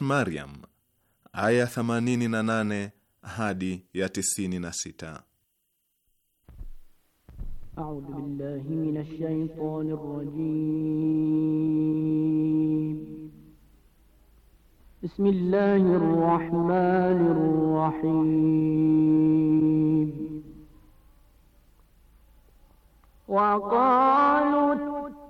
Maryam aya 88 hadi ya 96. A'udhu billahi minash shaitanir Bismillahir rahmanir rahim. Wa qalu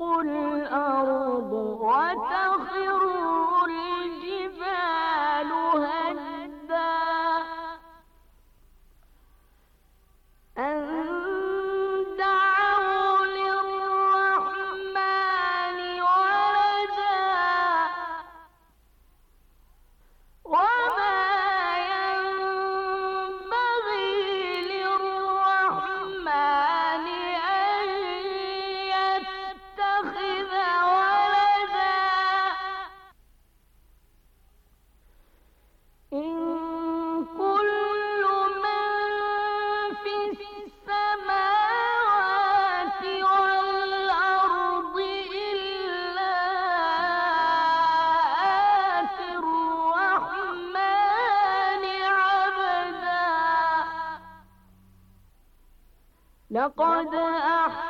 تشق الأرض وتخر لقد أحسن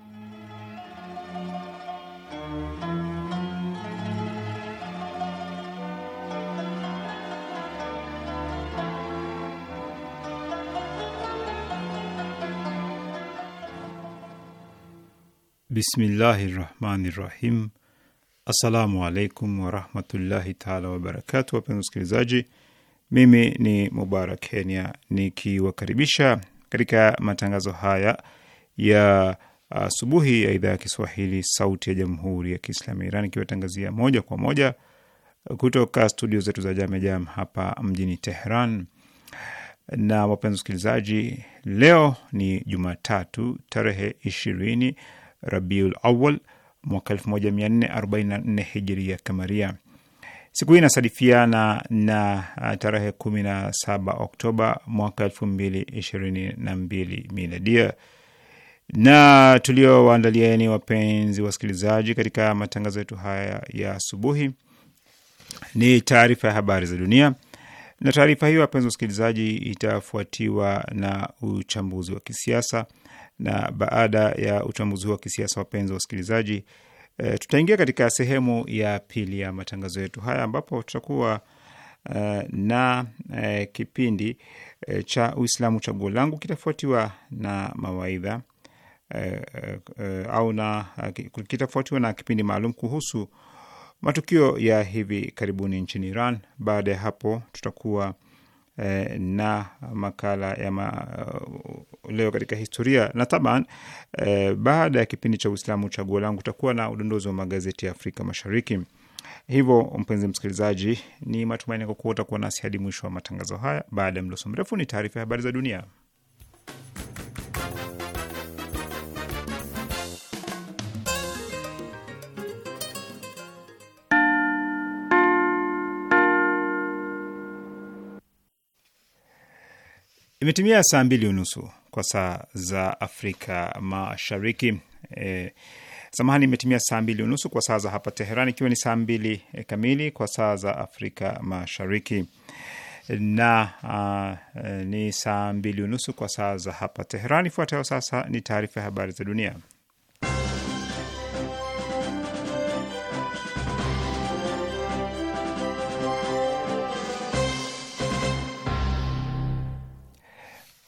Bismillahi rahmani rahim. Assalamu alaikum warahmatullahi taala wabarakatu. Wapenzi wasikilizaji, mimi ni Mubarak Kenya nikiwakaribisha katika matangazo haya ya asubuhi ya idhaa ya Kiswahili sauti ya jamhuri ya Kiislamu ya Iran ikiwatangazia moja kwa moja kutoka studio zetu za Jamejam hapa mjini Tehran. Na wapenzi wasikilizaji, leo ni Jumatatu tarehe ishirini Rabiul Awal mwaka 1444 hijiria kamaria. Siku hii inasadifiana na uh, tarehe 17 Oktoba mwaka 2022 miladia na tuliowaandalieni wapenzi wasikilizaji, katika matangazo yetu haya ya asubuhi ni taarifa ya habari za dunia, na taarifa hiyo wapenzi wasikilizaji, itafuatiwa na uchambuzi wa kisiasa na baada ya uchambuzi huu wa kisiasa, wapenzi wa usikilizaji, e, eh, tutaingia katika sehemu ya pili ya matangazo yetu haya ambapo tutakuwa e, na e, kipindi e, cha Uislamu chaguo langu kitafuatiwa na mawaidha e, e, au na kitafuatiwa na kipindi maalum kuhusu matukio ya hivi karibuni nchini Iran. Baada ya hapo tutakuwa Eh, na makala ya ma, uh, leo katika historia na taban uh, baada ya kipindi cha Uislamu chaguo langu utakuwa na udondozi wa magazeti ya Afrika Mashariki. Hivyo mpenzi msikilizaji, ni matumaini kwa kuwa utakuwa nasi hadi mwisho wa matangazo haya. Baada ya mdoso mrefu, ni taarifa ya habari za dunia. Imetimia saa mbili unusu kwa saa za Afrika Mashariki. E, samahani, imetimia saa mbili unusu kwa saa za hapa Teheran, ikiwa ni saa mbili e, kamili kwa saa za Afrika Mashariki na uh, ni saa mbili unusu kwa saa za hapa Teheran. Ifuatayo sasa ni taarifa ya habari za dunia.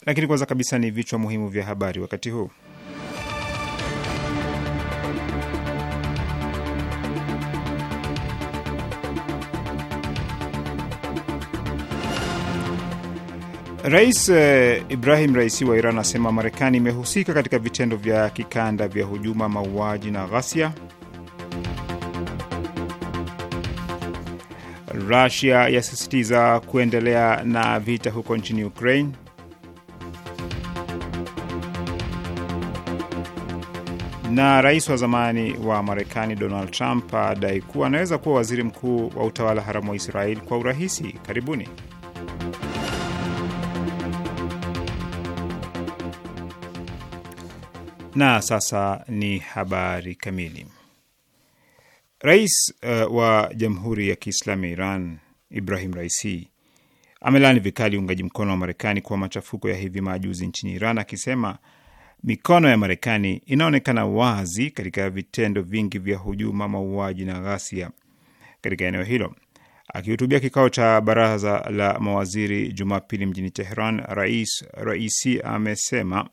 Lakini kwanza kabisa ni vichwa muhimu vya habari wakati huu. Rais eh, Ibrahim Raisi wa Iran asema Marekani imehusika katika vitendo vya kikanda vya hujuma, mauaji na ghasia. Rusia yasisitiza kuendelea na vita huko nchini Ukraine. na rais wa zamani wa Marekani Donald Trump adai kuwa anaweza kuwa waziri mkuu wa utawala haramu wa israel kwa urahisi. Karibuni. Na sasa ni habari kamili. Rais uh, wa Jamhuri ya Kiislamu ya Iran Ibrahim Raisi amelani vikali uungaji mkono wa Marekani kwa machafuko ya hivi majuzi nchini Iran akisema Mikono ya Marekani inaonekana wazi katika vitendo vingi vya hujuma, mauaji na ghasia katika eneo hilo. Akihutubia kikao cha baraza la mawaziri Jumapili mjini Teheran, Rais Raisi amesema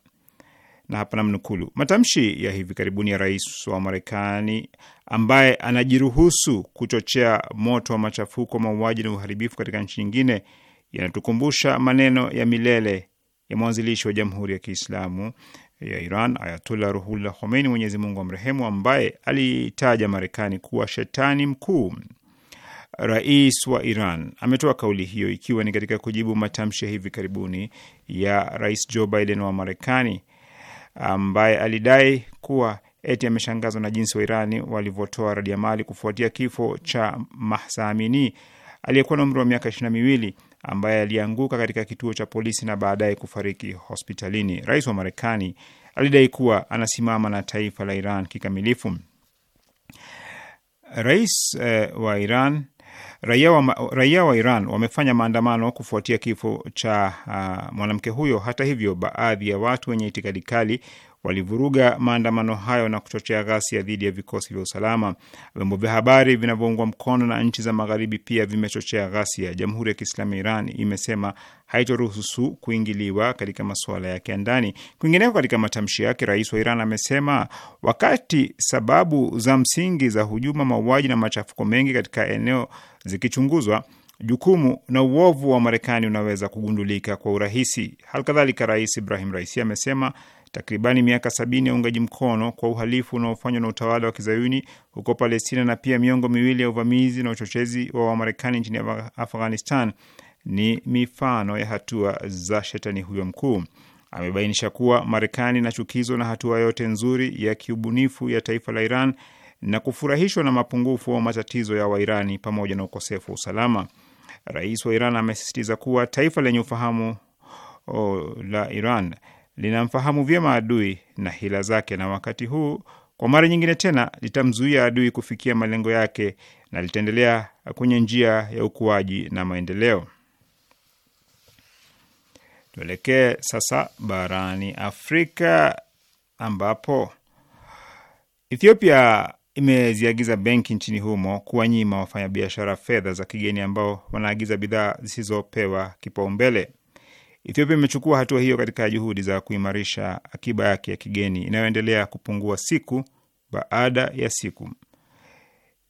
na hapa namnukulu, matamshi ya hivi karibuni ya rais wa Marekani ambaye anajiruhusu kuchochea moto wa machafuko, mauaji na uharibifu katika nchi nyingine yanatukumbusha maneno ya milele ya mwanzilishi wa Jamhuri ya Kiislamu ya Iran Ayatullah Ruhullah Khomeini, Mwenyezi Mungu amrehemu, ambaye alitaja Marekani kuwa shetani mkuu, rais wa Iran ametoa kauli hiyo ikiwa ni katika kujibu matamshi ya hivi karibuni ya Rais Joe Biden wa Marekani ambaye alidai kuwa eti ameshangazwa na jinsi wa Irani walivyotoa radiamali kufuatia kifo cha Mahsa Amini aliyekuwa na umri wa miaka ishirini na miwili ambaye alianguka katika kituo cha polisi na baadaye kufariki hospitalini. Rais wa Marekani alidai kuwa anasimama na taifa la Iran kikamilifu. Rais eh, wa Iran raia wa, raia wa Iran wamefanya maandamano kufuatia kifo cha uh, mwanamke huyo. Hata hivyo, baadhi ya watu wenye itikadi kali walivuruga maandamano hayo na kuchochea ghasia dhidi ya vikosi vya usalama. Vyombo vya habari vinavyoungwa mkono na nchi za magharibi pia vimechochea ghasia. Jamhuri ya Kiislamu ya Iran imesema haitoruhusu kuingiliwa katika masuala yake ya ndani. Kwingineko, katika matamshi yake, rais wa Iran amesema wakati sababu za msingi za hujuma, mauaji na machafuko mengi katika eneo zikichunguzwa jukumu na uovu wa Marekani unaweza kugundulika kwa urahisi. Halikadhalika, Rais Ibrahim Raisi amesema takribani miaka sabini ya uungaji mkono kwa uhalifu unaofanywa na utawala wa kizayuni huko Palestina na pia miongo miwili ya uvamizi na uchochezi wa Wamarekani nchini Afghanistan ni mifano ya hatua za shetani huyo mkuu. Amebainisha kuwa Marekani inachukizwa na hatua yote nzuri ya kiubunifu ya taifa la Iran na kufurahishwa na mapungufu au matatizo ya Wairani pamoja na ukosefu wa usalama. Rais wa Iran amesisitiza kuwa taifa lenye ufahamu oh, la Iran linamfahamu vyema adui na hila zake, na wakati huu kwa mara nyingine tena litamzuia adui kufikia malengo yake na litaendelea kwenye njia ya ukuaji na maendeleo. Tuelekee sasa barani Afrika ambapo Ethiopia imeziagiza benki nchini humo kuwanyima wafanyabiashara fedha za kigeni ambao wanaagiza bidhaa zisizopewa kipaumbele. Ethiopia imechukua hatua hiyo katika juhudi za kuimarisha akiba yake ya kigeni inayoendelea kupungua siku baada ya siku.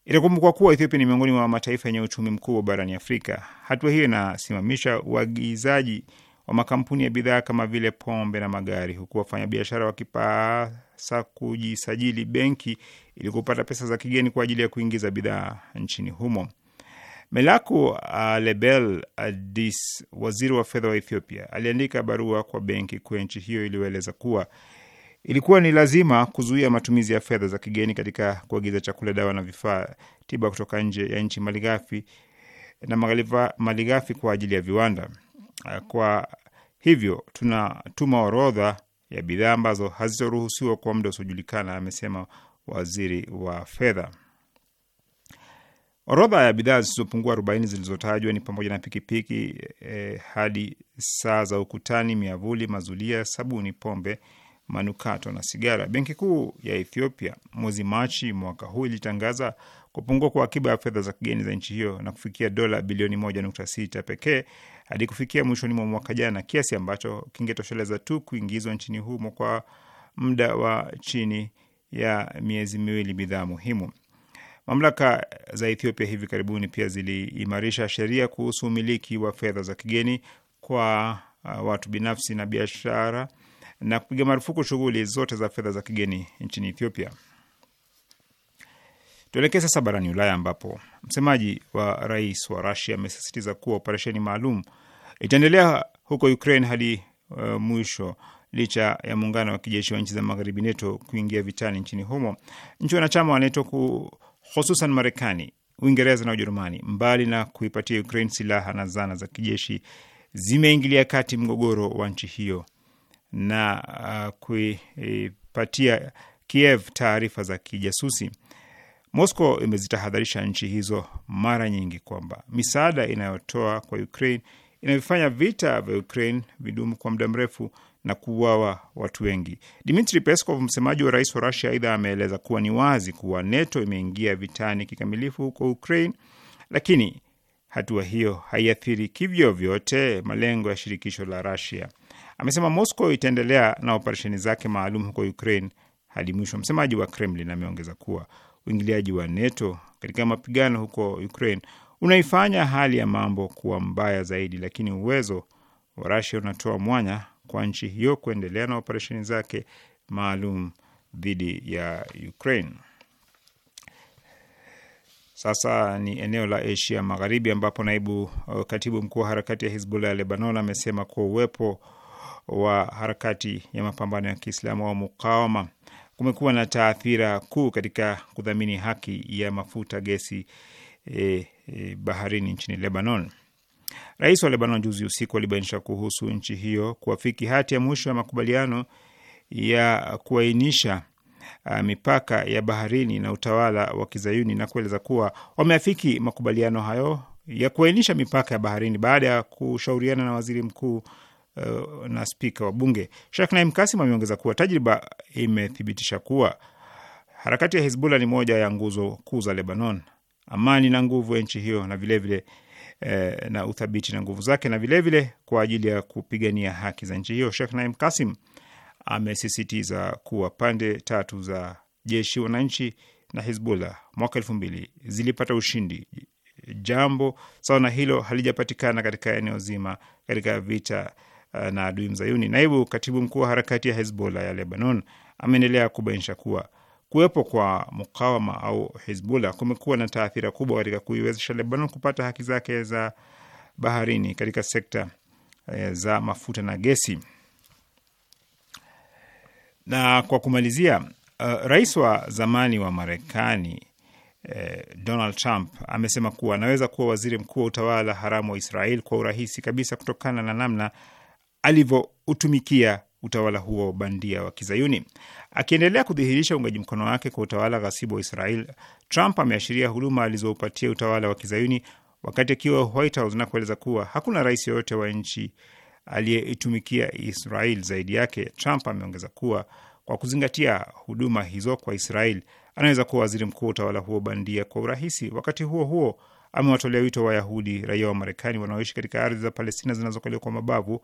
Itakumbukwa kuwa Ethiopia ni miongoni mwa mataifa yenye uchumi mkubwa barani Afrika. Hatua hiyo inasimamisha uagizaji wa makampuni ya bidhaa kama vile pombe na magari, huku wafanyabiashara wakipasa kujisajili benki ili kupata pesa za kigeni kwa ajili ya kuingiza bidhaa nchini humo. Melaku Alebel uh, Adis, waziri wa fedha wa Ethiopia, aliandika barua kwa benki kuu ya nchi hiyo iliyoeleza kuwa ilikuwa ni lazima kuzuia matumizi ya fedha za kigeni katika kuagiza chakula, dawa na vifaa tiba kutoka nje ya nchi, malighafi na malighafi kwa ajili ya viwanda. Uh, kwa hivyo tunatuma orodha ya bidhaa ambazo hazitoruhusiwa kwa muda usiojulikana, amesema waziri wa fedha. Orodha ya bidhaa zisizopungua 40 zilizotajwa ni pamoja na pikipiki eh, hadi saa za ukutani, miavuli, mazulia, sabuni, pombe, manukato na sigara. Benki Kuu ya Ethiopia mwezi Machi mwaka huu ilitangaza kupungua kwa akiba ya fedha za kigeni za nchi hiyo na kufikia dola bilioni 1.6 pekee hadi kufikia mwishoni mwa mwaka jana, kiasi ambacho kingetosheleza tu kuingizwa nchini humo kwa muda wa chini ya miezi miwili bidhaa muhimu. Mamlaka za Ethiopia hivi karibuni pia ziliimarisha sheria kuhusu umiliki wa fedha za kigeni kwa uh, watu binafsi na biashara na kupiga marufuku shughuli zote za fedha za kigeni nchini Ethiopia. Tuelekee sasa barani Ulaya ambapo msemaji wa rais wa Rusia amesisitiza kuwa operesheni maalum itaendelea huko Ukraine hadi uh, mwisho licha ya muungano wa kijeshi wa nchi za magharibi NETO kuingia vitani nchini humo. Nchi wanachama wa NATO ku hususan Marekani, Uingereza na Ujerumani, mbali na kuipatia Ukraine silaha na zana za kijeshi, zimeingilia kati mgogoro wa nchi hiyo na uh, kuipatia Kiev taarifa za kijasusi. Moscow imezitahadharisha nchi hizo mara nyingi kwamba misaada inayotoa kwa Ukraine inavyofanya vita vya Ukraine vidumu kwa muda mrefu na kuuawa watu wengi. Dmitri Peskov, msemaji wa rais wa Rusia, aidha ameeleza kuwa ni wazi kuwa NATO imeingia vitani kikamilifu huko Ukraine, lakini hatua hiyo haiathiri vyote malengo ya shirikisho la Rusia. Amesema Moscow itaendelea na operesheni zake maalum huko Ukraine hadi mwisho. Msemaji wa Kremlin ameongeza kuwa uingiliaji wa NATO katika mapigano huko Ukraine unaifanya hali ya mambo kuwa mbaya zaidi, lakini uwezo wa Rusia unatoa mwanya kwa nchi hiyo kuendelea na operesheni zake maalum dhidi ya Ukraine. Sasa ni eneo la Asia Magharibi ambapo naibu uh, katibu mkuu wa harakati ya Hizbullah ya Lebanon amesema kuwa uwepo wa harakati ya mapambano ya Kiislamu au mukawama kumekuwa na taathira kuu katika kudhamini haki ya mafuta gesi eh, eh, baharini nchini Lebanon. Rais wa Lebanon juzi usiku alibainisha kuhusu nchi hiyo kuafiki hati ya mwisho ya makubaliano ya kuainisha uh, mipaka ya baharini na utawala wa kizayuni na kueleza kuwa wameafiki makubaliano hayo ya kuainisha mipaka ya baharini baada ya kushauriana na waziri mkuu uh, na spika wa bunge. Sheikh Naim Kasim ameongeza kuwa tajriba imethibitisha kuwa harakati ya Hizbullah ni moja ya nguzo kuu za Lebanon, amani na nguvu ya nchi hiyo, na vilevile vile Eh, na uthabiti na nguvu zake na vilevile vile kwa ajili ya kupigania haki za nchi hiyo. Sheikh Naim Kasim amesisitiza kuwa pande tatu za jeshi wananchi na Hizbullah mwaka elfu mbili zilipata ushindi, jambo sawa na hilo halijapatikana katika eneo zima katika vita eh, na adui mzayuni. Naibu katibu mkuu wa harakati ya Hezbollah ya Lebanon ameendelea kubainisha kuwa Kuwepo kwa mukawama au Hizbullah kumekuwa na taathira kubwa katika kuiwezesha Lebanon kupata haki zake za baharini katika sekta eh, za mafuta na gesi. Na kwa kumalizia, uh, rais wa zamani wa Marekani eh, Donald Trump amesema kuwa anaweza kuwa waziri mkuu wa utawala haramu wa Israel kwa urahisi kabisa kutokana na namna alivyoutumikia utawala huo wa bandia wa Kizayuni. Akiendelea kudhihirisha uungaji mkono wake kwa utawala ghasibu wa Israel, Trump ameashiria huduma alizoupatia utawala wa Kizayuni wakati akiwa White House na kueleza kuwa hakuna rais yoyote wa nchi aliyeitumikia Israel zaidi yake. Trump ameongeza kuwa kwa kuzingatia huduma hizo kwa Israel, anaweza kuwa waziri mkuu wa utawala huo bandia kwa urahisi. Wakati huo huo, amewatolea wito Wayahudi raia wa Marekani wanaoishi katika ardhi za Palestina zinazokaliwa kwa mabavu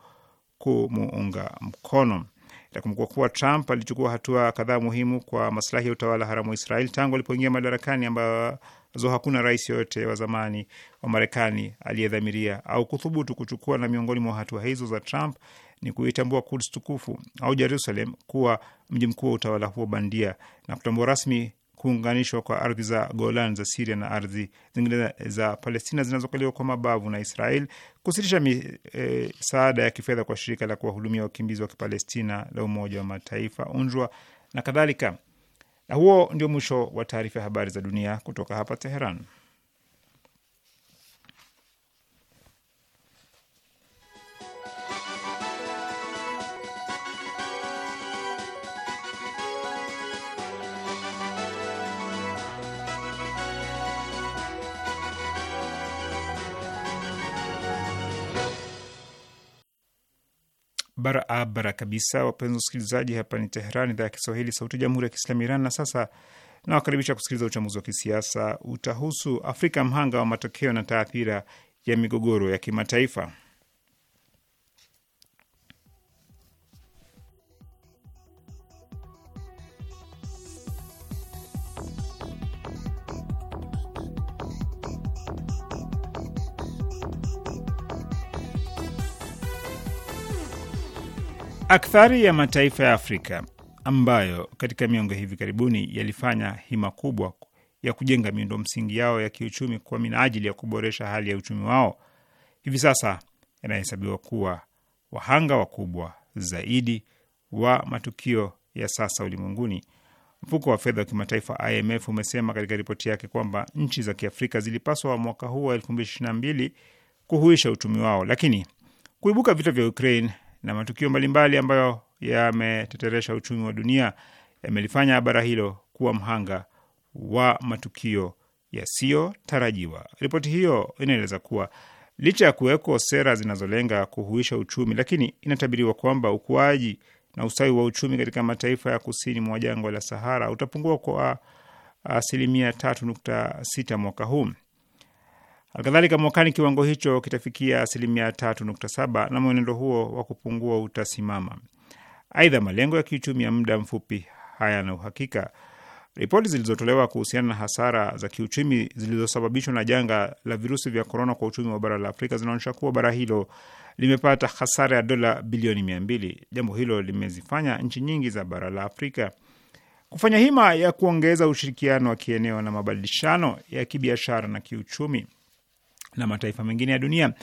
kumuunga mkono. Itakumbukwa kuwa Trump alichukua hatua kadhaa muhimu kwa maslahi ya utawala haramu wa Israel tangu alipoingia madarakani, ambazo hakuna rais yoyote wa zamani wa Marekani aliyedhamiria au kuthubutu kuchukua. Na miongoni mwa hatua hizo za Trump ni kuitambua Kuds tukufu au Jerusalem kuwa mji mkuu wa utawala huo bandia na kutambua rasmi kuunganishwa kwa ardhi za Golan za Siria na ardhi zingine za Palestina zinazokaliwa kwa mabavu na Israel, kusitisha misaada e, ya kifedha kwa shirika la kuwahudumia wakimbizi wa Kipalestina la Umoja wa Mataifa UNRWA na kadhalika. Na huo ndio mwisho wa taarifa ya habari za dunia kutoka hapa Teheran. barabara kabisa. Wapenzi wasikilizaji, hapa ni Teheran, idhaa ya Kiswahili, sauti ya jamhuri ya kiislamu Iran. Na sasa nawakaribisha kusikiliza uchambuzi wa kisiasa, utahusu Afrika, mhanga wa matokeo na taathira ya migogoro ya kimataifa. Akthari ya mataifa ya Afrika ambayo katika miongo hivi karibuni yalifanya hima kubwa ya kujenga miundo msingi yao ya kiuchumi kwa minajili ya kuboresha hali ya uchumi wao, hivi sasa yanahesabiwa kuwa wahanga wakubwa zaidi wa matukio ya sasa ulimwenguni. Mfuko wa fedha wa kimataifa IMF umesema katika ripoti yake kwamba nchi za Kiafrika zilipaswa mwaka huu wa 2022 kuhuisha uchumi wao, lakini kuibuka vita vya Ukraine na matukio mbalimbali ambayo yameteteresha uchumi wa dunia yamelifanya bara hilo kuwa mhanga wa matukio yasiyotarajiwa. Ripoti hiyo inaeleza kuwa licha ya kuwekwa sera zinazolenga kuhuisha uchumi, lakini inatabiriwa kwamba ukuaji na ustawi wa uchumi katika mataifa ya kusini mwa jangwa la Sahara utapungua kwa asilimia tatu nukta sita mwaka huu. Alkadhalika, mwakani kiwango hicho kitafikia asilimia tatu nukta saba na mwenendo huo wa kupungua utasimama. Aidha, malengo ya kiuchumi ya muda mfupi hayana uhakika. Ripoti zilizotolewa kuhusiana na hasara za kiuchumi zilizosababishwa na janga la virusi vya korona kwa uchumi wa bara la Afrika zinaonyesha kuwa bara hilo limepata hasara ya dola bilioni mia mbili. Jambo hilo limezifanya nchi nyingi za bara la Afrika kufanya hima ya kuongeza ushirikiano wa kieneo na mabadilishano ya kibiashara na kiuchumi na mataifa mengine ya dunia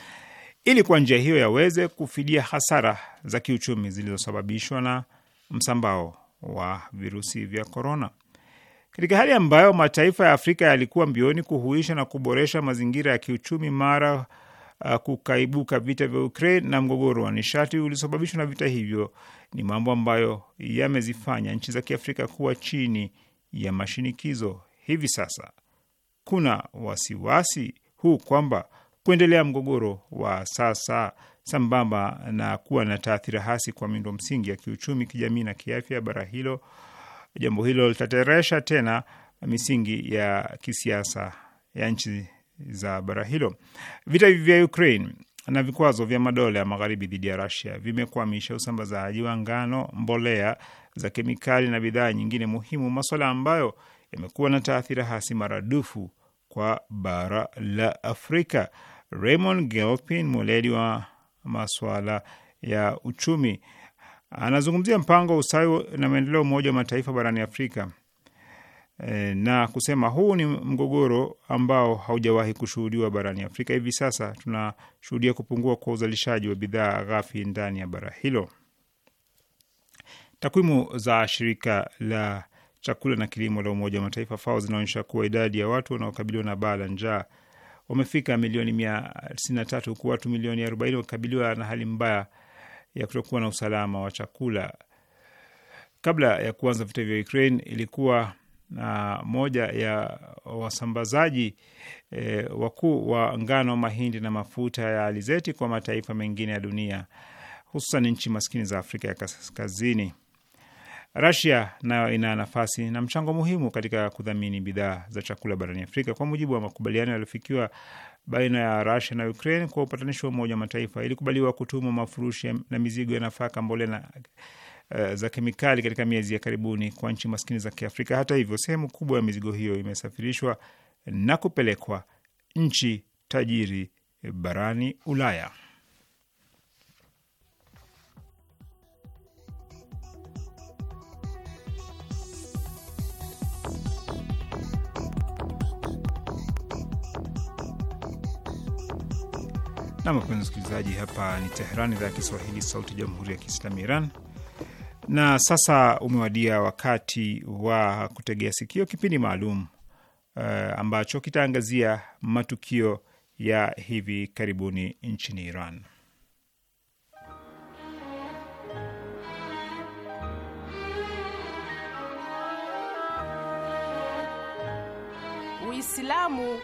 ili kwa njia hiyo yaweze kufidia hasara za kiuchumi zilizosababishwa na msambao wa virusi vya korona. Katika hali ambayo mataifa ya Afrika yalikuwa mbioni kuhuisha na kuboresha mazingira ya kiuchumi mara uh, kukaibuka vita vya Ukraine na mgogoro wa nishati ulisababishwa na vita hivyo, ni mambo ambayo yamezifanya nchi za Kiafrika kuwa chini ya mashinikizo. Hivi sasa kuna wasiwasi huu kwamba kuendelea mgogoro wa sasa sambamba na kuwa na taathira hasi kwa miundo msingi ya kiuchumi, kijamii na kiafya bara hilo, jambo hilo litateresha tena misingi ya kisiasa ya nchi za bara hilo. Vita vya Ukraine na vikwazo vya madola ya magharibi dhidi ya rasia vimekwamisha usambazaji wa ngano, mbolea za kemikali na bidhaa nyingine muhimu, maswala ambayo yamekuwa na taathira hasi maradufu kwa bara la Afrika. Raymond Gelpin, mweledi wa masuala ya uchumi, anazungumzia mpango wa ustawi na maendeleo Umoja wa Mataifa barani Afrika e, na kusema huu ni mgogoro ambao haujawahi kushuhudiwa barani Afrika. Hivi sasa tunashuhudia kupungua kwa uzalishaji wa bidhaa ghafi ndani ya bara hilo. Takwimu za shirika la chakula na kilimo la Umoja wa Mataifa FAO zinaonyesha kuwa idadi ya watu wanaokabiliwa na baa la njaa wamefika milioni mia tisini na tatu huku watu milioni arobaini wakikabiliwa na hali mbaya ya kutokuwa na usalama wa chakula. Kabla ya kuanza vita vya Ukraine ilikuwa na ah, moja ya wasambazaji e, wakuu wa ngano, mahindi na mafuta ya alizeti kwa mataifa mengine ya dunia, hususan nchi maskini za Afrika ya Kaskazini. Rasia nayo ina nafasi na mchango muhimu katika kudhamini bidhaa za chakula barani Afrika kwa mujibu wa makubaliano yaliyofikiwa baina ya Rasia na Ukraine kwa upatanishi wa Umoja wa Mataifa. Ilikubaliwa kutuma mafurushi na mizigo ya nafaka, mbolea na eh, za kemikali katika miezi ya karibuni kwa nchi maskini za Kiafrika. Hata hivyo, sehemu kubwa ya mizigo hiyo imesafirishwa na kupelekwa nchi tajiri barani Ulaya. na wapenzi msikilizaji, hapa ni Teheran, idhaa ya Kiswahili, sauti ya jamhuri ya kiislamu Iran. Na sasa umewadia wakati wa kutegea sikio kipindi maalum uh, ambacho kitaangazia matukio ya hivi karibuni nchini Iran. Uislamu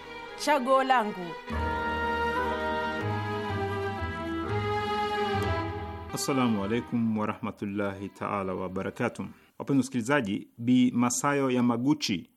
chaguo langu. Assalamu alaikum warahmatullahi taala wabarakatu. Wapenzi wasikilizaji, Bi Masayo Yamaguchi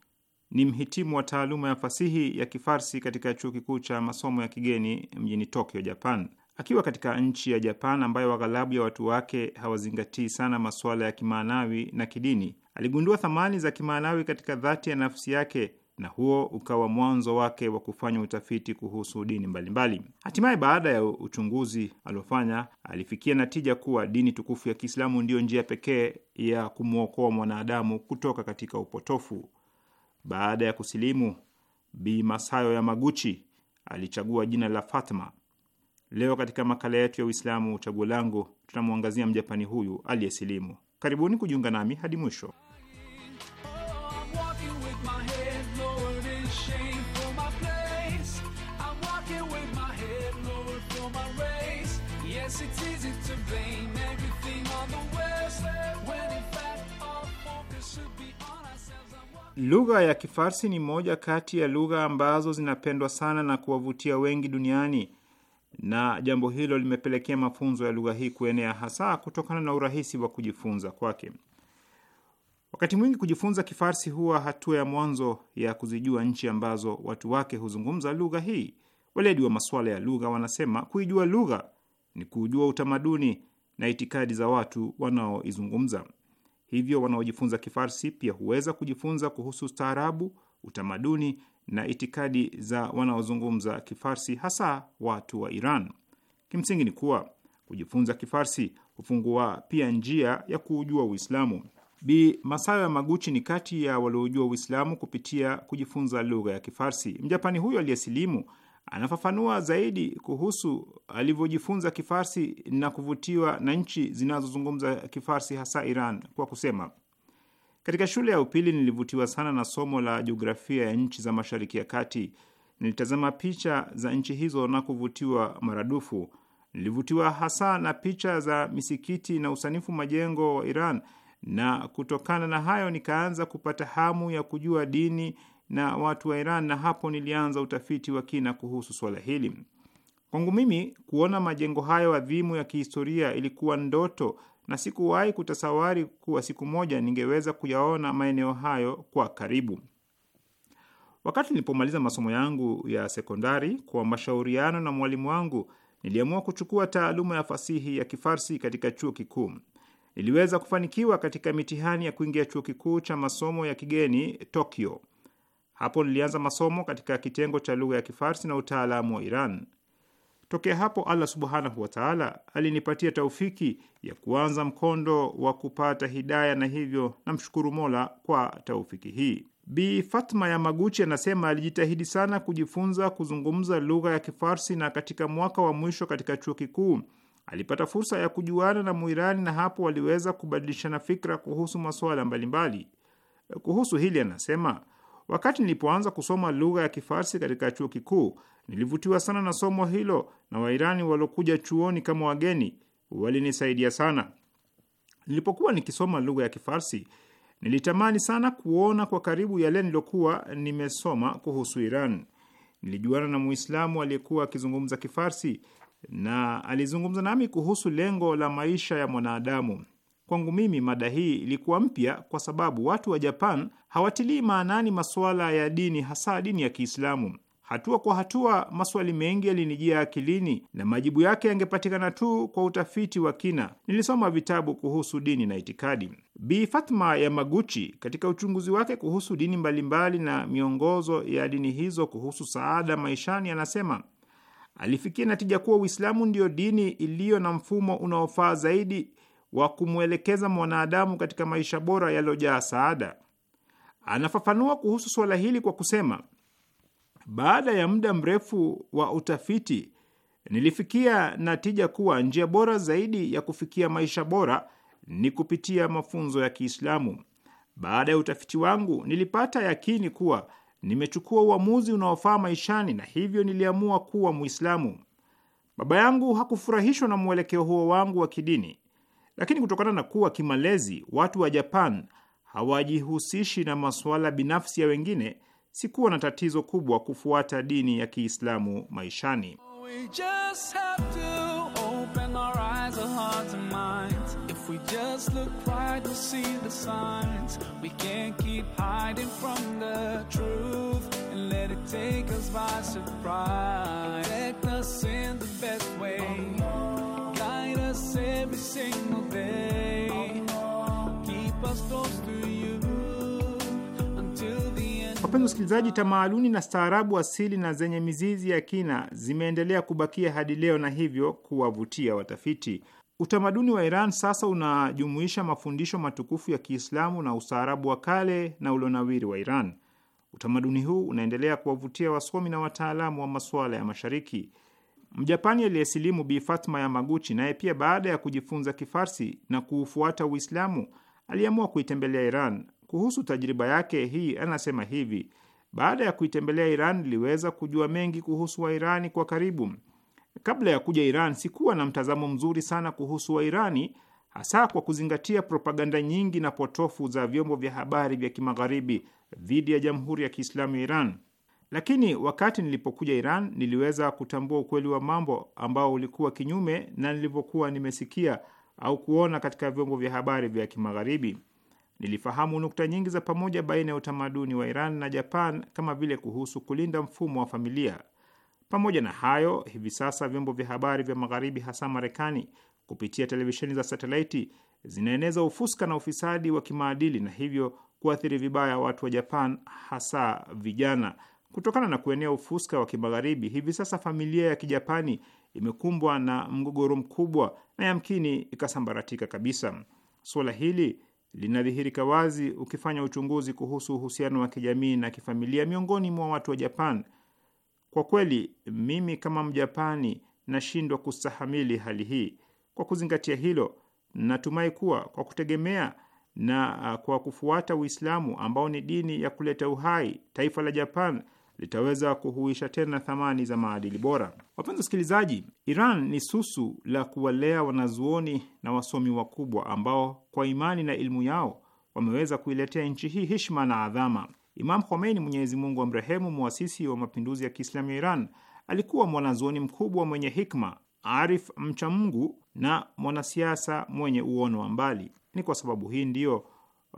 ni mhitimu wa taaluma ya fasihi ya Kifarsi katika chuo kikuu cha masomo ya kigeni mjini Tokyo, Japan. Akiwa katika nchi ya Japan ambayo aghalabu ya watu wake hawazingatii sana masuala ya kimaanawi na kidini, aligundua thamani za kimaanawi katika dhati ya nafsi yake na huo ukawa mwanzo wake wa kufanya utafiti kuhusu dini mbalimbali. Hatimaye, baada ya uchunguzi aliofanya, alifikia natija kuwa dini tukufu ya Kiislamu ndiyo njia pekee ya kumwokoa mwanadamu kutoka katika upotofu. Baada ya kusilimu, Bi Masayo ya maguchi alichagua jina la Fatma. Leo katika makala yetu ya Uislamu Chaguo Langu tunamwangazia Mjapani huyu aliyesilimu. Karibuni kujiunga nami hadi mwisho. lugha ya Kifarsi ni moja kati ya lugha ambazo zinapendwa sana na kuwavutia wengi duniani, na jambo hilo limepelekea mafunzo ya lugha hii kuenea, hasa kutokana na urahisi wa kujifunza kwake. Wakati mwingi kujifunza Kifarsi huwa hatua ya mwanzo ya kuzijua nchi ambazo watu wake huzungumza lugha hii. Weledi wa masuala ya lugha wanasema kuijua lugha ni kujua utamaduni na itikadi za watu wanaoizungumza. Hivyo wanaojifunza Kifarsi pia huweza kujifunza kuhusu staarabu, utamaduni na itikadi za wanaozungumza Kifarsi, hasa watu wa Iran. Kimsingi ni kuwa kujifunza Kifarsi hufungua pia njia ya kuujua Uislamu. Bi Masayo Maguchi ni kati ya waliojua Uislamu kupitia kujifunza lugha ya Kifarsi. Mjapani huyo aliyesilimu Anafafanua zaidi kuhusu alivyojifunza Kifarsi na kuvutiwa na nchi zinazozungumza Kifarsi, hasa Iran, kwa kusema katika shule ya upili nilivutiwa sana na somo la jiografia ya nchi za Mashariki ya Kati. Nilitazama picha za nchi hizo na kuvutiwa maradufu. Nilivutiwa hasa na picha za misikiti na usanifu majengo wa Iran, na kutokana na hayo nikaanza kupata hamu ya kujua dini na watu wa Iran, na hapo nilianza utafiti wa kina kuhusu swala hili. Kwangu mimi kuona majengo hayo adhimu ya kihistoria ilikuwa ndoto, na sikuwahi kutasawari kuwa siku moja ningeweza kuyaona maeneo hayo kwa karibu. Wakati nilipomaliza masomo yangu ya sekondari, kwa mashauriano na mwalimu wangu, niliamua kuchukua taaluma ya fasihi ya Kifarsi katika chuo kikuu. Niliweza kufanikiwa katika mitihani ya kuingia chuo kikuu cha masomo ya kigeni Tokyo. Hapo nilianza masomo katika kitengo cha lugha ya Kifarsi na utaalamu wa Iran. Tokea hapo Allah subhanahu wataala alinipatia taufiki ya kuanza mkondo wa kupata hidaya, na hivyo namshukuru Mola kwa taufiki hii. Bi Fatma ya Maguchi anasema alijitahidi sana kujifunza kuzungumza lugha ya Kifarsi, na katika mwaka wa mwisho katika chuo kikuu alipata fursa ya kujuana na Muirani, na hapo waliweza kubadilishana fikra kuhusu masuala mbalimbali. Kuhusu hili anasema Wakati nilipoanza kusoma lugha ya Kifarsi katika chuo kikuu, nilivutiwa sana na somo hilo, na Wairani waliokuja chuoni kama wageni walinisaidia sana. Nilipokuwa nikisoma lugha ya Kifarsi, nilitamani sana kuona kwa karibu yale niliokuwa nimesoma kuhusu Iran. Nilijuana na Muislamu aliyekuwa akizungumza Kifarsi na alizungumza nami kuhusu lengo la maisha ya mwanadamu. Kwangu mimi mada hii ilikuwa mpya kwa sababu watu wa Japan hawatilii maanani masuala ya dini, hasa dini ya Kiislamu. Hatua kwa hatua, maswali mengi yalinijia akilini na majibu yake yangepatikana tu kwa utafiti wa kina. Nilisoma vitabu kuhusu dini na itikadi. Bi Fatma Yamaguchi katika uchunguzi wake kuhusu dini mbalimbali na miongozo ya dini hizo kuhusu saada maishani, anasema alifikia natija kuwa Uislamu ndiyo dini iliyo na mfumo unaofaa zaidi wa kumwelekeza mwanadamu katika maisha bora yaliyojaa saada. Anafafanua kuhusu suala hili kwa kusema, baada ya muda mrefu wa utafiti, nilifikia natija kuwa njia bora zaidi ya kufikia maisha bora ni kupitia mafunzo ya Kiislamu. Baada ya utafiti wangu, nilipata yakini kuwa nimechukua uamuzi unaofaa maishani, na hivyo niliamua kuwa Muislamu. Baba yangu hakufurahishwa na mwelekeo huo wangu wa kidini lakini kutokana na kuwa kimalezi watu wa Japan hawajihusishi na masuala binafsi ya wengine, sikuwa na tatizo kubwa kufuata dini ya Kiislamu maishani sing obey. Keep us close to you until the end. Wapenzi wasikilizaji, tamaduni na staarabu asili na zenye mizizi ya kina zimeendelea kubakia hadi leo na hivyo kuwavutia watafiti. Utamaduni wa Iran sasa unajumuisha mafundisho matukufu ya Kiislamu na ustaarabu wa kale na ulonawiri wa Iran. Utamaduni huu unaendelea kuwavutia wasomi na wataalamu wa masuala ya Mashariki. Mjapani aliyesilimu Bi Fatma Yamaguchi naye pia baada ya kujifunza Kifarsi na kuufuata Uislamu aliamua kuitembelea Iran. Kuhusu tajriba yake hii anasema hivi: baada ya kuitembelea Iran niliweza kujua mengi kuhusu Wairani kwa karibu. Kabla ya kuja Iran sikuwa na mtazamo mzuri sana kuhusu Wairani, hasa kwa kuzingatia propaganda nyingi na potofu za vyombo vya habari vya kimagharibi dhidi ya Jamhuri ya Kiislamu ya Iran. Lakini wakati nilipokuja Iran niliweza kutambua ukweli wa mambo ambao ulikuwa kinyume na nilivyokuwa nimesikia au kuona katika vyombo vya habari vya Kimagharibi. Nilifahamu nukta nyingi za pamoja baina ya utamaduni wa Iran na Japan kama vile kuhusu kulinda mfumo wa familia. Pamoja na hayo, hivi sasa vyombo vya habari vya Magharibi, hasa Marekani, kupitia televisheni za satelaiti zinaeneza ufuska na ufisadi wa kimaadili na hivyo kuathiri vibaya watu wa Japan, hasa vijana. Kutokana na kuenea ufuska wa kimagharibi, hivi sasa familia ya kijapani imekumbwa na mgogoro mkubwa na yamkini ikasambaratika kabisa. Suala hili linadhihirika wazi ukifanya uchunguzi kuhusu uhusiano wa kijamii na kifamilia miongoni mwa watu wa Japan. Kwa kweli, mimi kama Mjapani nashindwa kustahamili hali hii. Kwa kuzingatia hilo, natumai kuwa kwa kutegemea na kwa kufuata Uislamu ambao ni dini ya kuleta uhai, taifa la Japan litaweza kuhuisha tena thamani za maadili bora. Wapenzi wasikilizaji, Iran ni susu la kuwalea wanazuoni na wasomi wakubwa ambao kwa imani na ilmu yao wameweza kuiletea nchi hii hishma na adhama. Imam Khomeini, Mwenyezi Mungu amrehemu, mwasisi wa mapinduzi ya Kiislamu ya Iran, alikuwa mwanazuoni mkubwa mwenye hikma, arif, mcha Mungu na mwanasiasa mwenye uono wa mbali. Ni kwa sababu hii ndiyo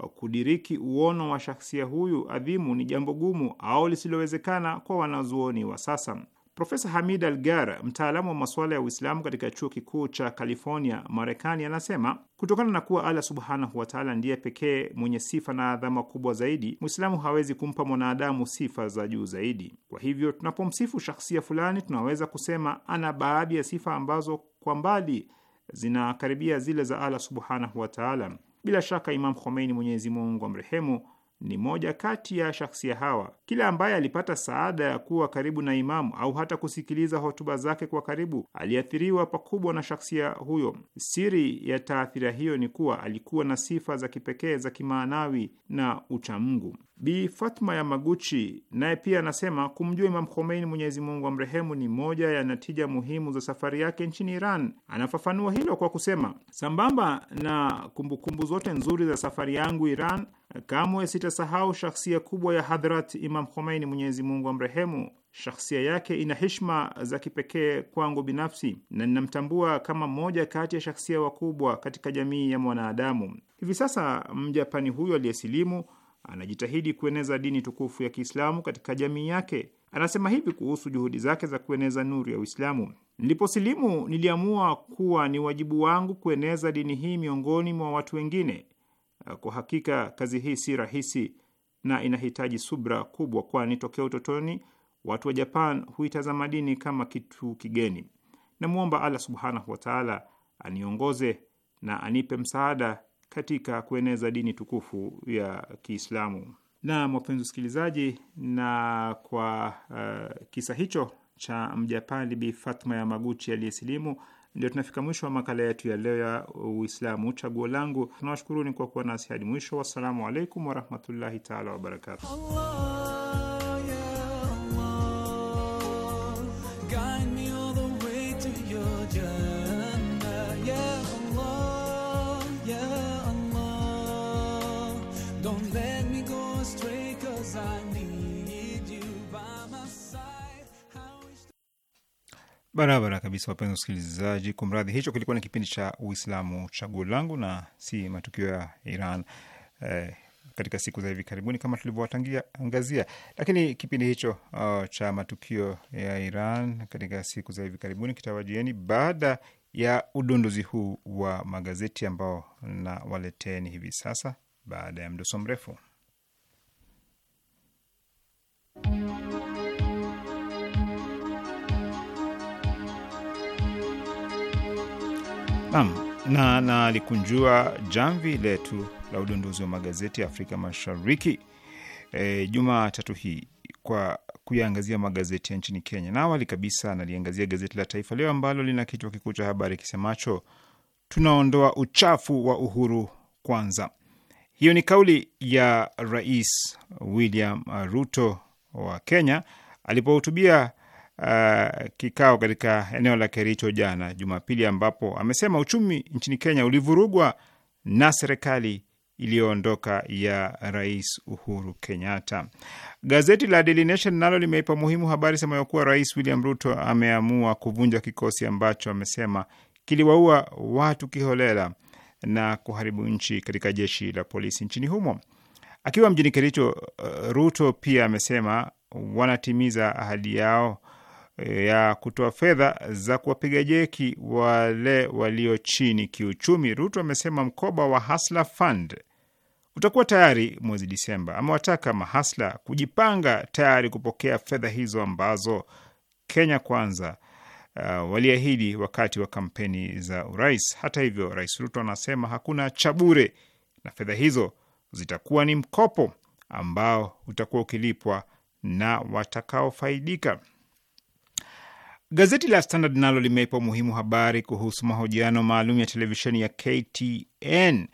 kudiriki uono wa shahsia huyu adhimu ni jambo gumu au lisilowezekana kwa wanazuoni wa sasa. Profesa Hamid Algar, mtaalamu wa masuala ya Uislamu katika chuo kikuu cha California, Marekani, anasema kutokana na kuwa Allah subhanahu wataala ndiye pekee mwenye sifa na adhama kubwa zaidi, mwislamu hawezi kumpa mwanadamu sifa za juu zaidi. Kwa hivyo, tunapomsifu shahsia fulani, tunaweza kusema ana baadhi ya sifa ambazo kwa mbali zinakaribia zile za Allah subhanahu wataala. Bila shaka Imam Khomeini, Mwenyezi Mungu amrehemu, ni moja kati ya shaksia hawa. Kila ambaye alipata saada ya kuwa karibu na Imamu au hata kusikiliza hotuba zake kwa karibu aliathiriwa pakubwa na shaksia huyo. Siri ya taathira hiyo ni kuwa alikuwa na sifa za kipekee za kimaanawi na uchamungu. Bi Fatma ya Maguchi naye pia anasema kumjua Imam Khomeini, Mwenyezi Mungu amrehemu, ni moja ya natija muhimu za safari yake nchini Iran. Anafafanua hilo kwa kusema, sambamba na kumbukumbu kumbu zote nzuri za safari yangu Iran, kamwe sitasahau shakhsia kubwa ya Hadhrat Imam Khomeini, Mwenyezi Mungu amrehemu. Shakhsia yake ina heshima za kipekee kwangu binafsi na ninamtambua kama mmoja kati ya shakhsia wakubwa katika jamii ya mwanadamu. Hivi sasa Mjapani huyo aliyesilimu anajitahidi kueneza dini tukufu ya Kiislamu katika jamii yake. Anasema hivi kuhusu juhudi zake za kueneza nuru ya Uislamu: niliposilimu niliamua kuwa ni wajibu wangu kueneza dini hii miongoni mwa watu wengine. Kwa hakika kazi hii si rahisi na inahitaji subra kubwa, kwani tokea utotoni watu wa Japan huitazama dini kama kitu kigeni. Namwomba Allah subhanahu wataala aniongoze na anipe msaada katika kueneza dini tukufu ya Kiislamu. Na wapenzi usikilizaji, na kwa uh, kisa hicho cha Mjapani Bi Fatma ya Maguchi aliyesilimu, ndio tunafika mwisho wa makala yetu ya leo ya Uislamu Chaguo Langu. Tunawashukuruni kwa kuwa nasi hadi mwisho. Wassalamu alaikum warahmatullahi taala wabarakatu. Barabara kabisa, wapenzi wasikilizaji, kumradhi, hicho kilikuwa ni kipindi cha Uislamu chaguo langu na si matukio ya Iran eh, katika siku za hivi karibuni kama angazia. lakini kipindi hicho uh, cha matukio ya Iran katika siku za hivi karibuni kitawajieni baada ya udondozi huu wa magazeti ambao na waleteni hivi sasa baada ya mdoso mrefu. Naam, na nalikunjua jamvi letu la udondozi wa magazeti ya Afrika Mashariki e, Jumatatu hii kwa kuyaangazia magazeti ya nchini Kenya, na awali kabisa naliangazia gazeti la Taifa Leo ambalo lina kichwa kikuu cha habari kisemacho tunaondoa uchafu wa uhuru kwanza. Hiyo ni kauli ya Rais William Ruto wa Kenya alipohutubia uh, kikao katika eneo la Kericho jana Jumapili, ambapo amesema uchumi nchini Kenya ulivurugwa na serikali iliyoondoka ya Rais Uhuru Kenyatta. Gazeti la Daily Nation nalo limeipa muhimu habari semayo kuwa Rais William Ruto ameamua kuvunja kikosi ambacho amesema kiliwaua watu kiholela na kuharibu nchi katika jeshi la polisi nchini humo. Akiwa mjini Kericho, uh, Ruto pia amesema wanatimiza ahadi yao ya kutoa fedha za kuwapiga jeki wale walio chini kiuchumi. Ruto amesema mkoba wa Hasla Fund utakuwa tayari mwezi Disemba. Amewataka mahasla kujipanga tayari kupokea fedha hizo ambazo Kenya Kwanza uh, waliahidi wakati wa kampeni za urais. Hata hivyo, Rais Ruto anasema hakuna cha bure na fedha hizo zitakuwa ni mkopo ambao utakuwa ukilipwa na watakaofaidika. Gazeti la Standard nalo limeipa umuhimu habari kuhusu mahojiano maalum ya televisheni ya KTN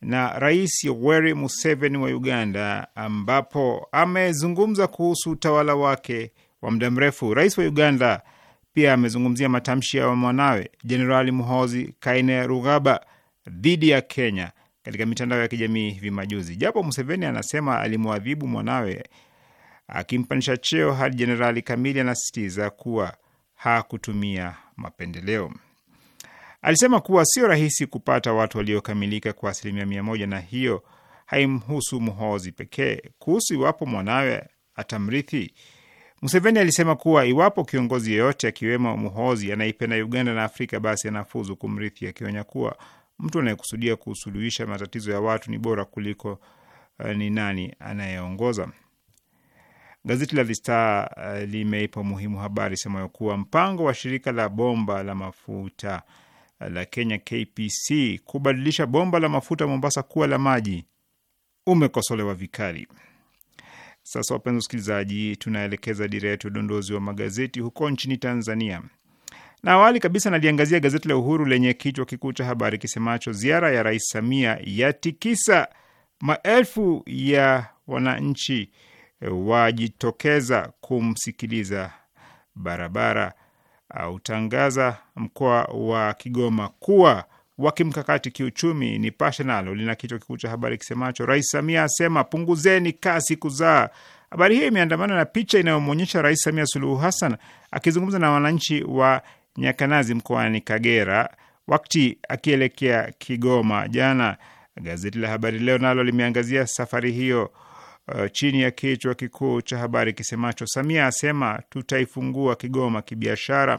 na Rais Yoweri Museveni wa Uganda, ambapo amezungumza kuhusu utawala wake wa muda mrefu. Rais wa Uganda pia amezungumzia matamshi ya mwanawe Jenerali Muhozi Kainerugaba dhidi ya Kenya katika mitandao ya kijamii hivi majuzi, japo Museveni anasema alimwadhibu mwanawe akimpanisha cheo hadi jenerali kamili, anasisitiza kuwa hakutumia mapendeleo. Alisema kuwa sio rahisi kupata watu waliokamilika kwa asilimia mia moja, na hiyo haimhusu Muhozi pekee. Kuhusu iwapo mwanawe atamrithi, Museveni alisema kuwa iwapo kiongozi yeyote akiwemo Muhozi anaipenda Uganda na Afrika, basi anafuzu kumrithi, akionya kuwa mtu anayekusudia kusuluhisha matatizo ya watu ni bora kuliko eh, ni nani anayeongoza. Gazeti la The Star uh, eh, limeipa muhimu habari semayo kuwa mpango wa shirika la bomba la mafuta eh, la Kenya KPC kubadilisha bomba la mafuta Mombasa kuwa la maji umekosolewa vikali. Sasa wapenzi wasikilizaji, tunaelekeza dira yetu udondozi wa magazeti huko nchini Tanzania, na awali kabisa naliangazia gazeti la Uhuru lenye kichwa kikuu cha habari kisemacho ziara ya Rais Samia yatikisa maelfu ya wananchi wajitokeza kumsikiliza barabara autangaza mkoa wa Kigoma kuwa wa kimkakati kiuchumi. Ni pasha nalo lina kichwa kikuu cha habari kisemacho Rais Samia asema punguzeni kasi kuzaa. Habari hiyo imeandamana na picha inayomwonyesha Rais Samia Suluhu Hassan akizungumza na wananchi wa Nyakanazi mkoani Kagera wakati akielekea Kigoma jana. Gazeti la Habari Leo nalo limeangazia safari hiyo Uh, chini ya kichwa kikuu cha habari kisemacho Samia asema tutaifungua Kigoma kibiashara.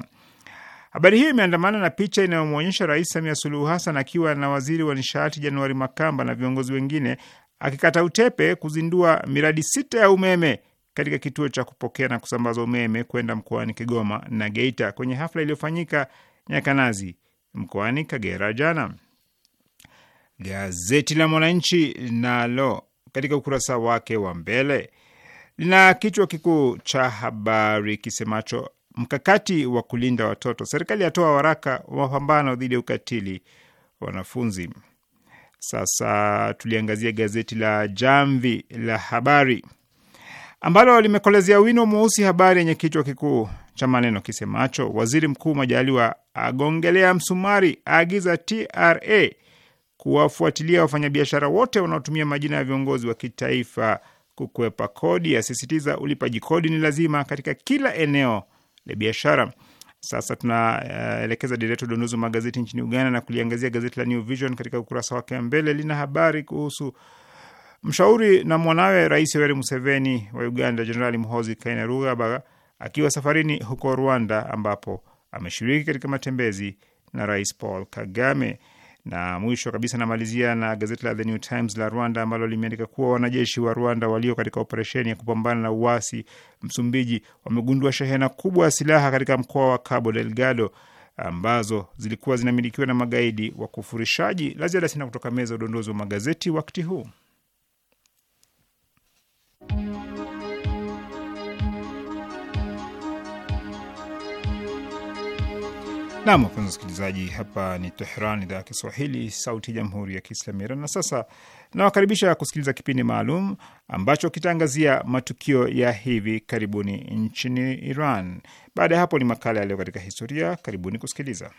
Habari hiyo imeandamana na picha inayomwonyesha Rais Samia Suluhu Hassan akiwa na waziri wa nishati Januari Makamba na viongozi wengine akikata utepe kuzindua miradi sita ya umeme katika kituo cha kupokea na kusambaza umeme kwenda mkoani Kigoma na Geita kwenye hafla iliyofanyika Nyakanazi mkoani Kagera jana. Gazeti la Mwananchi nalo katika ukurasa wake wa mbele lina kichwa kikuu cha habari kisemacho mkakati wa kulinda watoto, serikali yatoa waraka wa mapambano dhidi ya ukatili wanafunzi. Sasa tuliangazia gazeti la Jamvi la Habari ambalo limekolezea wino mweusi habari yenye kichwa kikuu cha maneno kisemacho waziri mkuu Majaliwa agongelea msumari, aagiza TRA kuwafuatilia wafanyabiashara wote wanaotumia majina ya viongozi wa kitaifa kukwepa kodi. Asisitiza ulipaji kodi ni lazima katika kila eneo la biashara. Sasa tunaelekeza uh, direto dondozi wa magazeti nchini Uganda na kuliangazia gazeti la New Vision. Katika ukurasa wake wa mbele lina habari kuhusu mshauri na mwanawe Rais Yoweri Museveni wa Uganda, Jenerali Muhozi Kainerugaba akiwa safarini huko Rwanda, ambapo ameshiriki katika matembezi na Rais Paul Kagame. Na mwisho kabisa namalizia na gazeti la The New Times la Rwanda ambalo limeandika kuwa wanajeshi wa Rwanda walio katika operesheni ya kupambana na uasi Msumbiji wamegundua shehena kubwa ya silaha katika mkoa wa Cabo Delgado ambazo zilikuwa zinamilikiwa na magaidi wa kufurishaji. La ziada sina kutoka meza udondozi wa magazeti wakati huu. Nam, wapenzi wasikilizaji, hapa ni Tehran, idhaa ya Kiswahili, sauti ya jamhuri ya kiislamu Iran. Na sasa nawakaribisha kusikiliza kipindi maalum ambacho kitaangazia matukio ya hivi karibuni nchini Iran. Baada ya hapo ni makala yaliyo katika historia. Karibuni kusikiliza.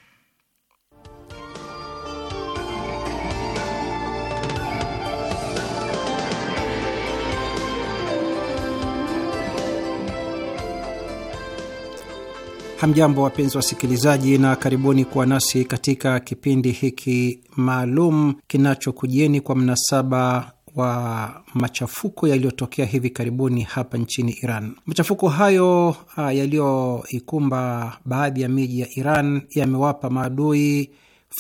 Hamjambo, wapenzi wasikilizaji, na karibuni kuwa nasi katika kipindi hiki maalum kinachokujieni kwa mnasaba wa machafuko yaliyotokea hivi karibuni hapa nchini Iran. Machafuko hayo ah, yaliyoikumba baadhi ya miji ya Iran yamewapa maadui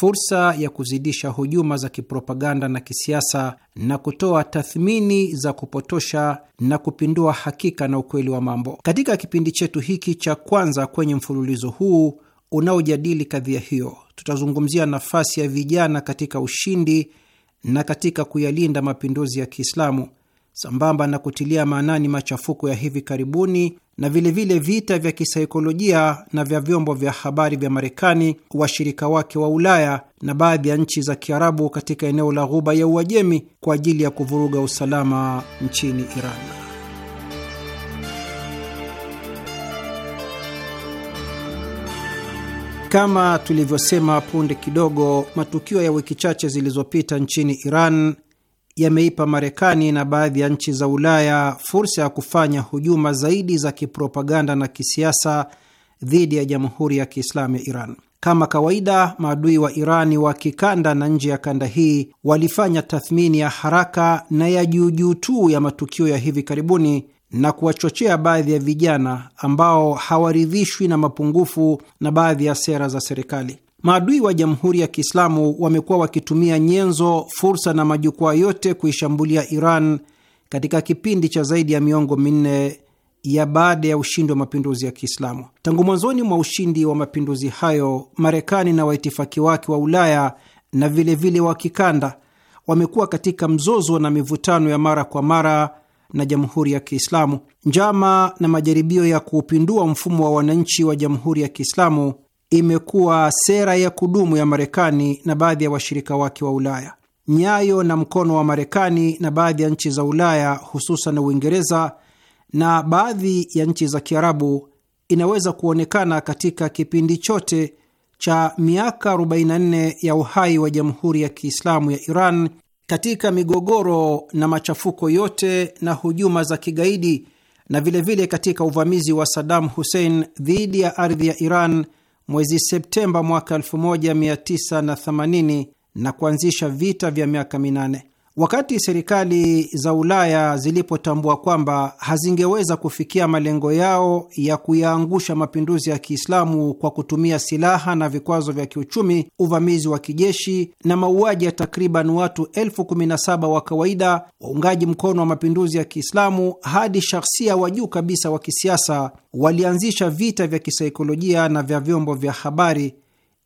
fursa ya kuzidisha hujuma za kipropaganda na kisiasa na kutoa tathmini za kupotosha na kupindua hakika na ukweli wa mambo. Katika kipindi chetu hiki cha kwanza kwenye mfululizo huu unaojadili kadhia hiyo, tutazungumzia nafasi ya vijana katika ushindi na katika kuyalinda mapinduzi ya Kiislamu sambamba na kutilia maanani machafuko ya hivi karibuni na vilevile vile vita vya kisaikolojia na vya vyombo vya habari vya Marekani, washirika wake wa Ulaya na baadhi ya nchi za Kiarabu katika eneo la Ghuba ya Uajemi kwa ajili ya kuvuruga usalama nchini Iran. Kama tulivyosema punde kidogo, matukio ya wiki chache zilizopita nchini Iran yameipa Marekani na baadhi ya nchi za Ulaya fursa ya kufanya hujuma zaidi za kipropaganda na kisiasa dhidi ya Jamhuri ya Kiislamu ya Iran. Kama kawaida, maadui wa Irani wa kikanda na nje ya kanda hii walifanya tathmini ya haraka na ya juujuu tu ya matukio ya hivi karibuni na kuwachochea baadhi ya vijana ambao hawaridhishwi na mapungufu na baadhi ya sera za serikali. Maadui wa Jamhuri ya Kiislamu wamekuwa wakitumia nyenzo, fursa na majukwaa yote kuishambulia Iran katika kipindi cha zaidi ya miongo minne ya baada ya ushindi wa mapinduzi ya Kiislamu. Tangu mwanzoni mwa ushindi wa mapinduzi hayo, Marekani na waitifaki wake wa Ulaya na vilevile vile wa kikanda wamekuwa katika mzozo na mivutano ya mara kwa mara na Jamhuri ya Kiislamu. Njama na majaribio ya kuupindua mfumo wa wananchi wa Jamhuri ya Kiislamu imekuwa sera ya kudumu ya Marekani na baadhi ya washirika wake wa Ulaya. Nyayo na mkono wa Marekani na baadhi ya nchi za Ulaya, hususan Uingereza na baadhi ya nchi za Kiarabu inaweza kuonekana katika kipindi chote cha miaka 44 ya uhai wa Jamhuri ya Kiislamu ya Iran katika migogoro na machafuko yote na hujuma za kigaidi na vilevile vile katika uvamizi wa Saddam Hussein dhidi ya ardhi ya Iran mwezi Septemba mwaka 1980 na kuanzisha vita vya miaka minane. Wakati serikali za Ulaya zilipotambua kwamba hazingeweza kufikia malengo yao ya kuyaangusha mapinduzi ya Kiislamu kwa kutumia silaha na vikwazo vya kiuchumi, uvamizi wa kijeshi na mauaji ya takriban watu elfu kumi na saba wa kawaida, waungaji mkono wa mapinduzi ya Kiislamu hadi shahsia wa juu kabisa wa kisiasa, walianzisha vita vya kisaikolojia na vya vyombo vya habari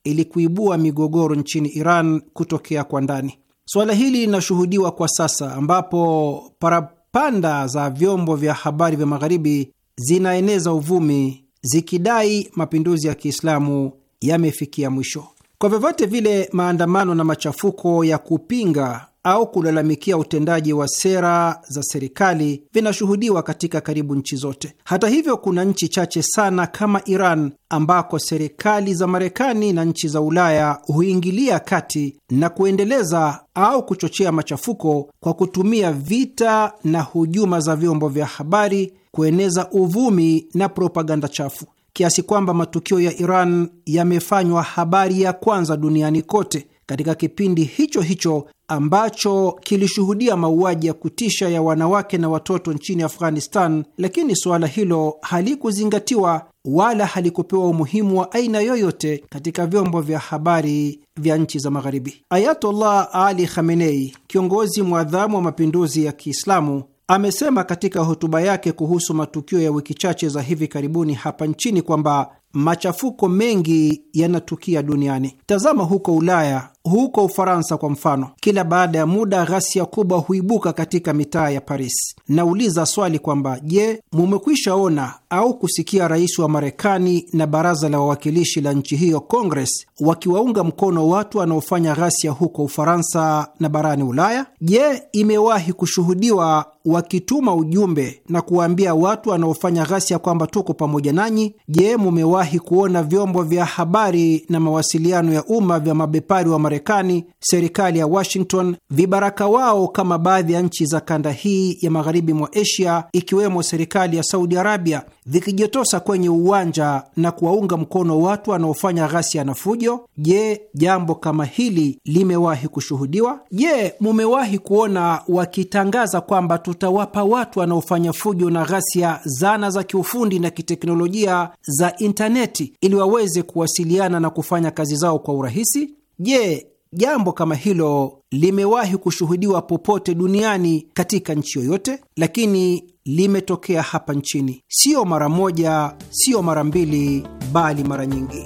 ili kuibua migogoro nchini Iran kutokea kwa ndani. Suala hili linashuhudiwa kwa sasa ambapo parapanda za vyombo vya habari vya Magharibi zinaeneza uvumi zikidai mapinduzi ya Kiislamu yamefikia mwisho. Kwa vyovyote vile, maandamano na machafuko ya kupinga au kulalamikia utendaji wa sera za serikali vinashuhudiwa katika karibu nchi zote. Hata hivyo, kuna nchi chache sana kama Iran ambako serikali za Marekani na nchi za Ulaya huingilia kati na kuendeleza au kuchochea machafuko kwa kutumia vita na hujuma za vyombo vya habari kueneza uvumi na propaganda chafu kiasi kwamba matukio ya Iran yamefanywa habari ya kwanza duniani kote katika kipindi hicho hicho ambacho kilishuhudia mauaji ya kutisha ya wanawake na watoto nchini Afghanistan, lakini suala hilo halikuzingatiwa wala halikupewa umuhimu wa aina yoyote katika vyombo vya habari vya nchi za Magharibi. Ayatollah Ali Khamenei, kiongozi mwadhamu wa mapinduzi ya Kiislamu, amesema katika hotuba yake kuhusu matukio ya wiki chache za hivi karibuni hapa nchini kwamba machafuko mengi yanatukia duniani. Tazama huko Ulaya huko Ufaransa kwa mfano, kila baada ya muda ghasia kubwa huibuka katika mitaa ya Paris. Nauliza swali kwamba je, mumekwisha ona au kusikia rais wa Marekani na baraza la wawakilishi la nchi hiyo Congress wakiwaunga mkono watu wanaofanya ghasia huko Ufaransa na barani Ulaya? Je, imewahi kushuhudiwa wakituma ujumbe na kuwaambia watu wanaofanya ghasia kwamba tuko pamoja nanyi? Je, mumewahi kuona vyombo vya habari na mawasiliano ya umma vya mabepari wa Marekani Marekani, serikali ya Washington, vibaraka wao kama baadhi ya nchi za kanda hii ya magharibi mwa Asia ikiwemo serikali ya Saudi Arabia, vikijitosa kwenye uwanja na kuwaunga mkono watu wanaofanya ghasia na fujo? Je, jambo kama hili limewahi kushuhudiwa? Je, mumewahi kuona wakitangaza kwamba tutawapa watu wanaofanya fujo na ghasia zana za kiufundi na kiteknolojia za intaneti ili waweze kuwasiliana na kufanya kazi zao kwa urahisi? Je, jambo kama hilo limewahi kushuhudiwa popote duniani katika nchi yoyote? Lakini limetokea hapa nchini, sio mara moja, sio mara mbili, bali mara nyingi.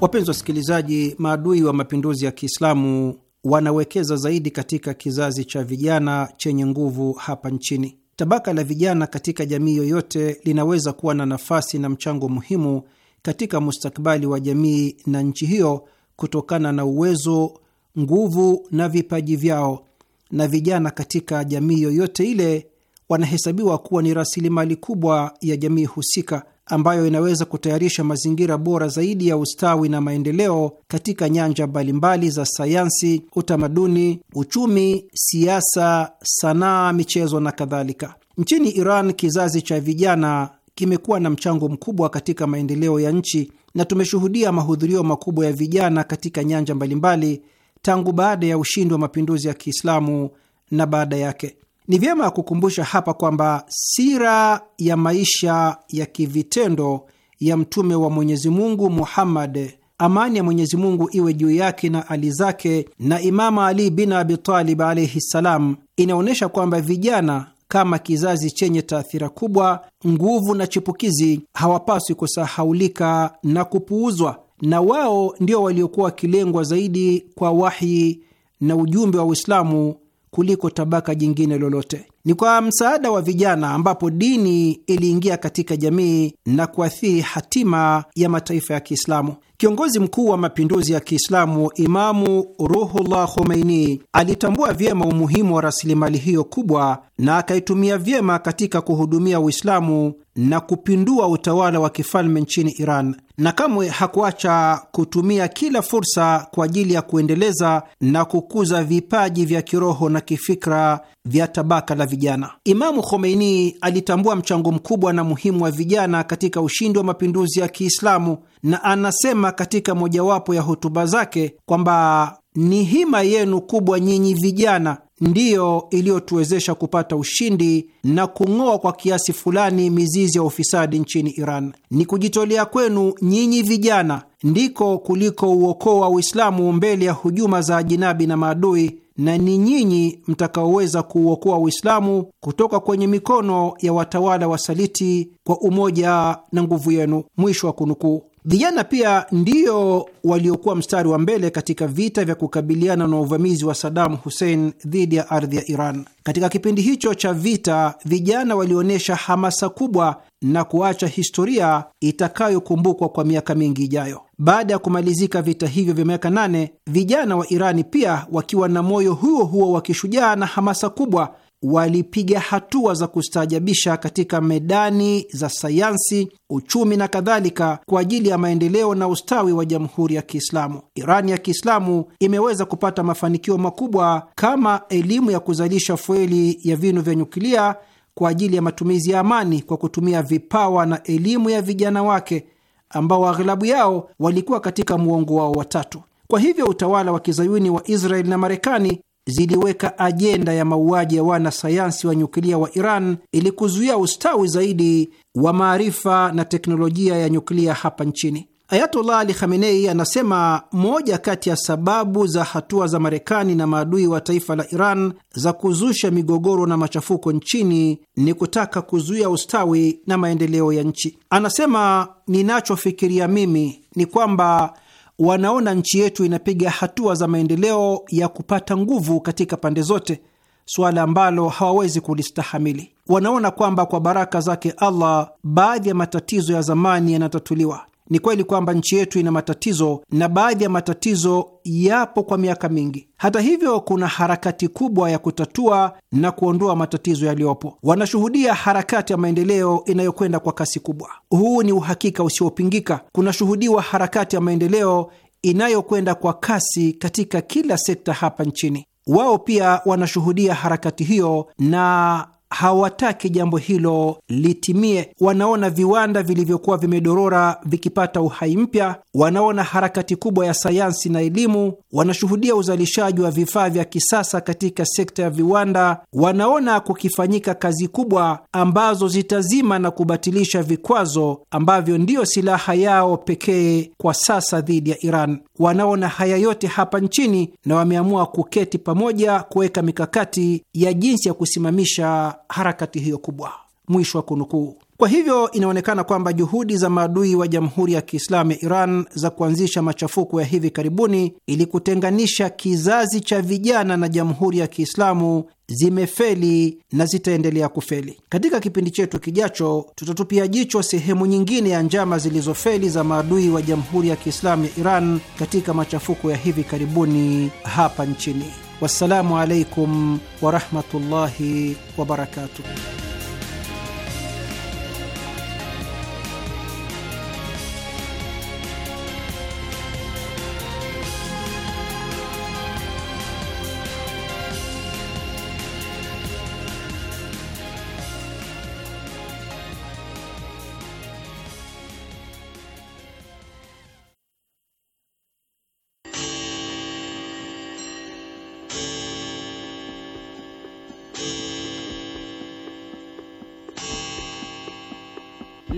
Wapenzi wasikilizaji, maadui wa mapinduzi ya Kiislamu wanawekeza zaidi katika kizazi cha vijana chenye nguvu hapa nchini. Tabaka la vijana katika jamii yoyote linaweza kuwa na nafasi na mchango muhimu katika mustakabali wa jamii na nchi hiyo kutokana na uwezo, nguvu na vipaji vyao, na vijana katika jamii yoyote ile wanahesabiwa kuwa ni rasilimali kubwa ya jamii husika ambayo inaweza kutayarisha mazingira bora zaidi ya ustawi na maendeleo katika nyanja mbalimbali za sayansi, utamaduni, uchumi, siasa, sanaa, michezo na kadhalika. Nchini Iran, kizazi cha vijana kimekuwa na mchango mkubwa katika maendeleo ya nchi na tumeshuhudia mahudhurio makubwa ya vijana katika nyanja mbalimbali tangu baada ya ushindi wa mapinduzi ya Kiislamu na baada yake. Ni vyema kukumbusha hapa kwamba sira ya maisha ya kivitendo ya mtume wa Mwenyezi Mungu Muhammad, amani ya Mwenyezi Mungu iwe juu yake na ali zake, na Imama Ali bin Abi Talib alaihi ssalam, inaonyesha kwamba vijana kama kizazi chenye taathira kubwa, nguvu na chipukizi hawapaswi kusahaulika na kupuuzwa, na wao ndio waliokuwa wakilengwa zaidi kwa wahi na ujumbe wa Uislamu kuliko tabaka jingine lolote. Ni kwa msaada wa vijana ambapo dini iliingia katika jamii na kuathiri hatima ya mataifa ya Kiislamu. Kiongozi mkuu wa mapinduzi ya Kiislamu Imamu Ruhullah Khomeini alitambua vyema umuhimu wa rasilimali hiyo kubwa na akaitumia vyema katika kuhudumia Uislamu na kupindua utawala wa kifalme nchini Iran, na kamwe hakuacha kutumia kila fursa kwa ajili ya kuendeleza na kukuza vipaji vya kiroho na kifikra vya tabaka la vijana. Imamu Khomeini alitambua mchango mkubwa na muhimu wa vijana katika ushindi wa mapinduzi ya Kiislamu, na anasema katika mojawapo ya hotuba zake kwamba ni hima yenu kubwa nyinyi vijana ndiyo iliyotuwezesha kupata ushindi na kung'oa kwa kiasi fulani mizizi ya ufisadi nchini Iran. Ni kujitolea kwenu nyinyi vijana ndiko kuliko uokoo wa Uislamu mbele ya hujuma za ajinabi na maadui, na ni nyinyi mtakaoweza kuuokoa Uislamu kutoka kwenye mikono ya watawala wasaliti kwa umoja na nguvu yenu. Mwisho wa kunukuu. Vijana pia ndiyo waliokuwa mstari wa mbele katika vita vya kukabiliana na uvamizi wa Sadamu Hussein dhidi ya ardhi ya Iran. Katika kipindi hicho cha vita, vijana walionyesha hamasa kubwa na kuacha historia itakayokumbukwa kwa miaka mingi ijayo. Baada ya kumalizika vita hivyo vya miaka nane, vijana wa Irani pia wakiwa na moyo huo huo wa kishujaa na hamasa kubwa walipiga hatua za kustaajabisha katika medani za sayansi, uchumi na kadhalika kwa ajili ya maendeleo na ustawi wa Jamhuri ya Kiislamu. Irani ya Kiislamu imeweza kupata mafanikio makubwa kama elimu ya kuzalisha fueli ya vinu vya nyukilia kwa ajili ya matumizi ya amani kwa kutumia vipawa na elimu ya vijana wake ambao aghlabu yao walikuwa katika muongo wao watatu. Kwa hivyo utawala wa kizayuni wa Israeli na Marekani ziliweka ajenda ya mauaji ya wanasayansi wa nyuklia wa Iran ili kuzuia ustawi zaidi wa maarifa na teknolojia ya nyuklia hapa nchini. Ayatollah Ali Khamenei anasema moja kati ya sababu za hatua za Marekani na maadui wa taifa la Iran za kuzusha migogoro na machafuko nchini ni kutaka kuzuia ustawi na maendeleo ya nchi. Anasema, ninachofikiria mimi ni kwamba wanaona nchi yetu inapiga hatua za maendeleo ya kupata nguvu katika pande zote, suala ambalo hawawezi kulistahamili. Wanaona kwamba kwa baraka zake Allah baadhi ya matatizo ya zamani yanatatuliwa ni kweli kwamba nchi yetu ina matatizo na baadhi ya matatizo yapo kwa miaka mingi. Hata hivyo, kuna harakati kubwa ya kutatua na kuondoa matatizo yaliyopo. Wanashuhudia harakati ya maendeleo inayokwenda kwa kasi kubwa. Huu ni uhakika usiopingika. Kunashuhudiwa harakati ya maendeleo inayokwenda kwa kasi katika kila sekta hapa nchini. Wao pia wanashuhudia harakati hiyo na hawataki jambo hilo litimie. Wanaona viwanda vilivyokuwa vimedorora vikipata uhai mpya, wanaona harakati kubwa ya sayansi na elimu, wanashuhudia uzalishaji wa vifaa vya kisasa katika sekta ya viwanda, wanaona kukifanyika kazi kubwa ambazo zitazima na kubatilisha vikwazo ambavyo ndiyo silaha yao pekee kwa sasa dhidi ya Iran wanaona haya yote hapa nchini na wameamua kuketi pamoja kuweka mikakati ya jinsi ya kusimamisha harakati hiyo kubwa. Mwisho wa kunukuu. Kwa hivyo inaonekana kwamba juhudi za maadui wa Jamhuri ya Kiislamu ya Iran za kuanzisha machafuko ya hivi karibuni ili kutenganisha kizazi cha vijana na Jamhuri ya Kiislamu zimefeli na zitaendelea kufeli. Katika kipindi chetu kijacho, tutatupia jicho sehemu nyingine ya njama zilizofeli za maadui wa Jamhuri ya Kiislamu ya Iran katika machafuko ya hivi karibuni hapa nchini. Wassalamu alaikum warahmatullahi wabarakatuh.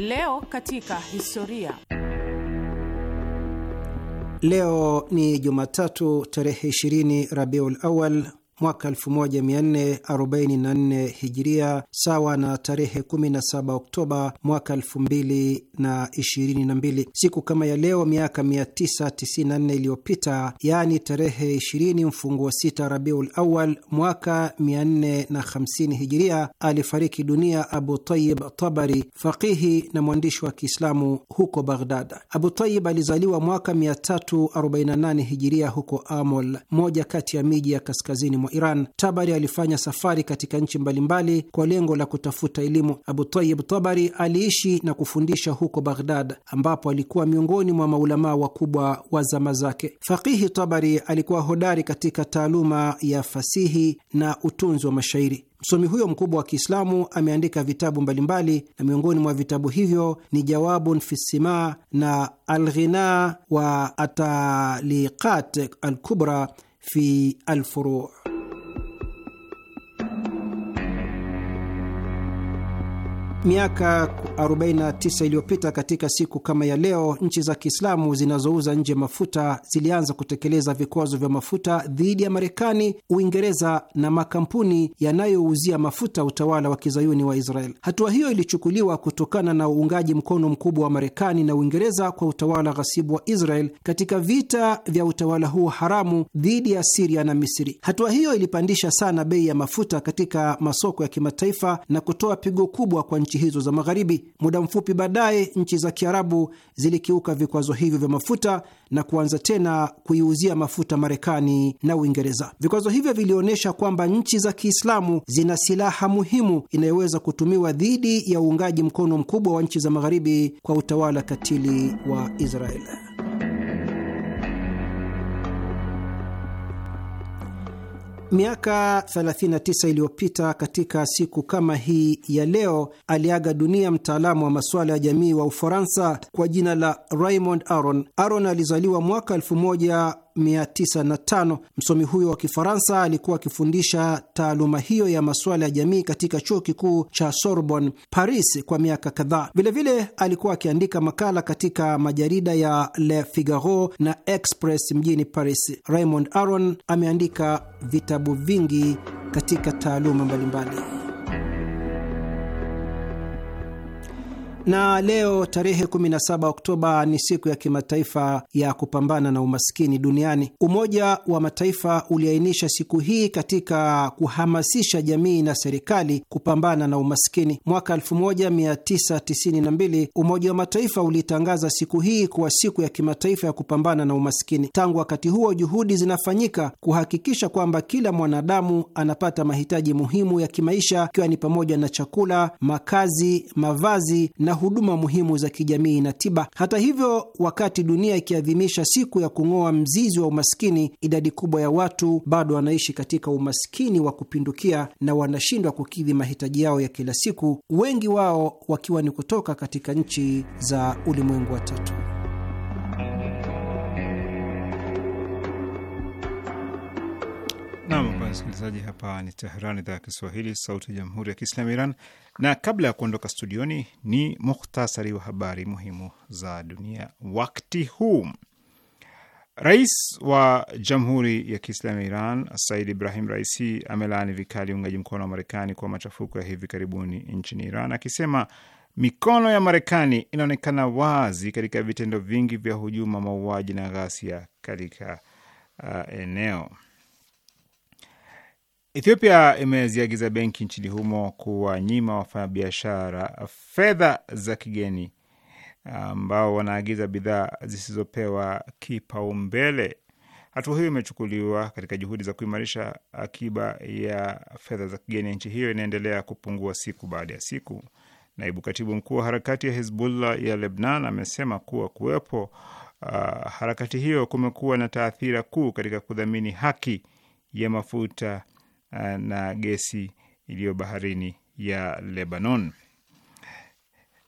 Leo katika historia. Leo ni Jumatatu tarehe 20 Rabiul Awal mwaka 1444 hijiria sawa na tarehe 17 Oktoba mwaka 2022. Siku kama ya leo miaka 994 iliyopita, yaani tarehe 20 mfunguo sita Rabiul Awal mwaka 450 hijiria, alifariki dunia Abu Tayib Tabari, faqihi na mwandishi wa Kiislamu huko Baghdad. Abu Tayib alizaliwa mwaka 348 hijiria huko Amol, moja kati ya miji ya kaskazini mwa Iran. Tabari alifanya safari katika nchi mbalimbali kwa lengo la kutafuta elimu. Abu tayib Tabari aliishi na kufundisha huko Baghdad, ambapo alikuwa miongoni mwa maulamaa wakubwa wa zama zake. Fakihi Tabari alikuwa hodari katika taaluma ya fasihi na utunzi wa mashairi. Msomi huyo mkubwa wa Kiislamu ameandika vitabu mbalimbali na miongoni mwa vitabu hivyo ni Jawabun fi Sima na Alghina wa Ataliqat Alkubra fi Alfuru. Miaka 49 iliyopita katika siku kama ya leo, nchi za Kiislamu zinazouza nje mafuta zilianza kutekeleza vikwazo vya mafuta dhidi ya Marekani, Uingereza na makampuni yanayouzia mafuta utawala wa kizayuni wa Israel. Hatua hiyo ilichukuliwa kutokana na uungaji mkono mkubwa wa Marekani na Uingereza kwa utawala ghasibu wa Israel katika vita vya utawala huo haramu dhidi ya Siria na Misri. Hatua hiyo ilipandisha sana bei ya mafuta katika masoko ya kimataifa na kutoa pigo kubwa kwa nchi nchi hizo za Magharibi. Muda mfupi baadaye, nchi za Kiarabu zilikiuka vikwazo hivyo vya mafuta na kuanza tena kuiuzia mafuta Marekani na Uingereza. Vikwazo hivyo vilionyesha kwamba nchi za Kiislamu zina silaha muhimu inayoweza kutumiwa dhidi ya uungaji mkono mkubwa wa nchi za Magharibi kwa utawala katili wa Israeli. Miaka 39 iliyopita katika siku kama hii ya leo aliaga dunia mtaalamu wa masuala ya jamii wa Ufaransa kwa jina la Raymond Aron. Aron alizaliwa mwaka 1905. Msomi huyo wa Kifaransa alikuwa akifundisha taaluma hiyo ya masuala ya jamii katika chuo kikuu cha Sorbonne, Paris, kwa miaka kadhaa. Vilevile alikuwa akiandika makala katika majarida ya Le Figaro na Express mjini Paris. Raymond Aron ameandika vitabu vingi katika taaluma mbalimbali. Na leo tarehe 17 Oktoba ni siku ya kimataifa ya kupambana na umaskini duniani. Umoja wa Mataifa uliainisha siku hii katika kuhamasisha jamii na serikali kupambana na umaskini. Mwaka 1992 Umoja wa Mataifa ulitangaza siku hii kuwa siku ya kimataifa ya kupambana na umaskini. Tangu wakati huo, juhudi zinafanyika kuhakikisha kwamba kila mwanadamu anapata mahitaji muhimu ya kimaisha, ikiwa ni pamoja na chakula, makazi, mavazi na huduma muhimu za kijamii na tiba. Hata hivyo, wakati dunia ikiadhimisha siku ya kung'oa mzizi wa umaskini, idadi kubwa ya watu bado wanaishi katika umaskini wa kupindukia na wanashindwa kukidhi mahitaji yao ya kila siku, wengi wao wakiwa ni kutoka katika nchi za ulimwengu wa tatu. Nam kwa msikilizaji, hapa ni Teheran, idhaa ya Kiswahili, sauti ya jamhuri ya kiislamu Iran. Na kabla ya kuondoka studioni, ni muhtasari wa habari muhimu za dunia wakti huu. Rais wa Jamhuri ya Kiislamu ya Iran Said Ibrahim Raisi amelaani vikali uungaji mkono wa Marekani kwa machafuko ya hivi karibuni nchini Iran, akisema mikono ya Marekani inaonekana wazi katika vitendo vingi vya hujuma, mauaji na ghasia katika uh, eneo Ethiopia imeziagiza benki nchini humo kuwanyima wafanyabiashara fedha za kigeni ambao wanaagiza bidhaa zisizopewa kipaumbele. Hatua hiyo imechukuliwa katika juhudi za kuimarisha akiba ya fedha za kigeni ya nchi hiyo inaendelea kupungua siku baada ya siku. Naibu katibu mkuu wa harakati ya Hizbullah ya Lebnan amesema kuwa kuwepo uh, harakati hiyo kumekuwa na taathira kuu katika kudhamini haki ya mafuta na gesi iliyo baharini ya Lebanon.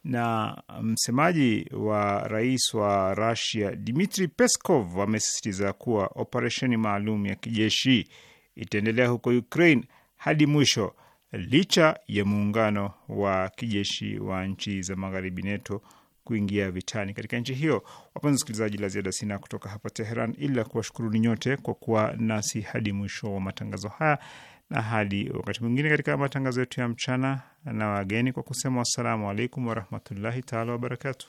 Na msemaji wa rais wa Rusia Dmitri Peskov amesisitiza kuwa operesheni maalum ya kijeshi itaendelea huko Ukraine hadi mwisho licha ya muungano wa kijeshi wa nchi za magharibi NATO kuingia vitani katika nchi hiyo. Wapenzi wasikilizaji, la ziada sina kutoka hapa Teheran, ila kuwashukuruni nyote kwa kuwa nasi hadi mwisho wa matangazo haya na hadi wakati mwingine katika matangazo yetu ya mchana na wageni, kwa kusema wassalamu alaikum warahmatullahi taala wabarakatu